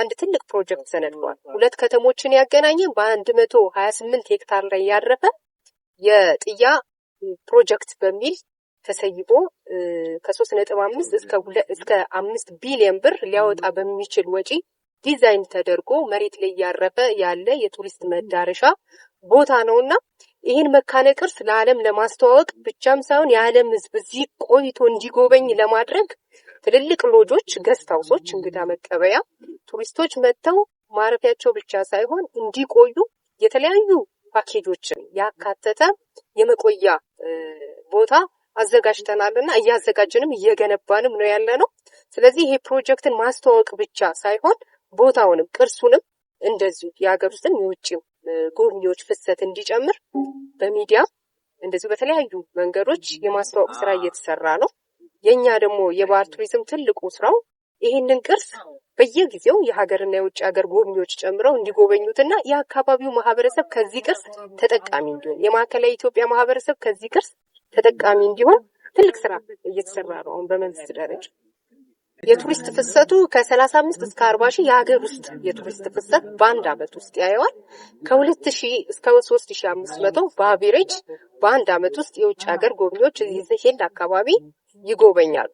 አንድ ትልቅ ፕሮጀክት ተነድፏል። ሁለት ከተሞችን ያገናኘ በአንድ መቶ ሀያ ስምንት ሄክታር ላይ ያረፈ የጥያ ፕሮጀክት በሚል ተሰይቦ ከሶስት ነጥብ አምስት እስከ አምስት ቢሊዮን ብር ሊያወጣ በሚችል ወጪ ዲዛይን ተደርጎ መሬት ላይ ያረፈ ያለ የቱሪስት መዳረሻ ቦታ ነው እና ይህን መካነ ቅርስ ለዓለም ለማስተዋወቅ ብቻም ሳይሆን የዓለም ሕዝብ እዚህ ቆይቶ እንዲጎበኝ ለማድረግ ትልልቅ ሎጆች፣ ገስት ሀውሶች፣ እንግዳ መቀበያ ቱሪስቶች መጥተው ማረፊያቸው ብቻ ሳይሆን እንዲቆዩ የተለያዩ ፓኬጆችን ያካተተ የመቆያ ቦታ አዘጋጅተናል እና እያዘጋጅንም እየገነባንም ነው ያለ ነው። ስለዚህ ይሄ ፕሮጀክትን ማስተዋወቅ ብቻ ሳይሆን ቦታውንም ቅርሱንም እንደዚሁ የሀገር ውስጥም የውጭም ጎብኚዎች ፍሰት እንዲጨምር በሚዲያ እንደዚሁ በተለያዩ መንገዶች የማስተዋወቅ ስራ እየተሰራ ነው። የእኛ ደግሞ የባህል ቱሪዝም ትልቁ ስራው ይህንን ቅርስ በየጊዜው የሀገርና የውጭ ሀገር ጎብኚዎች ጨምረው እንዲጎበኙትና የአካባቢው ማህበረሰብ ከዚህ ቅርስ ተጠቃሚ እንዲሆን የማዕከላዊ ኢትዮጵያ ማህበረሰብ ከዚህ ቅርስ ተጠቃሚ እንዲሆን ትልቅ ስራ እየተሰራ ነው። አሁን በመንግስት ደረጃ የቱሪስት ፍሰቱ ከሰላሳ አምስት እስከ አርባ ሺህ የሀገር ውስጥ የቱሪስት ፍሰት በአንድ አመት ውስጥ ያየዋል። ከሁለት ሺህ እስከ ሶስት ሺህ አምስት መቶ በአቬሬጅ በአንድ አመት ውስጥ የውጭ ሀገር ጎብኚዎች ይህን አካባቢ ይጎበኛሉ።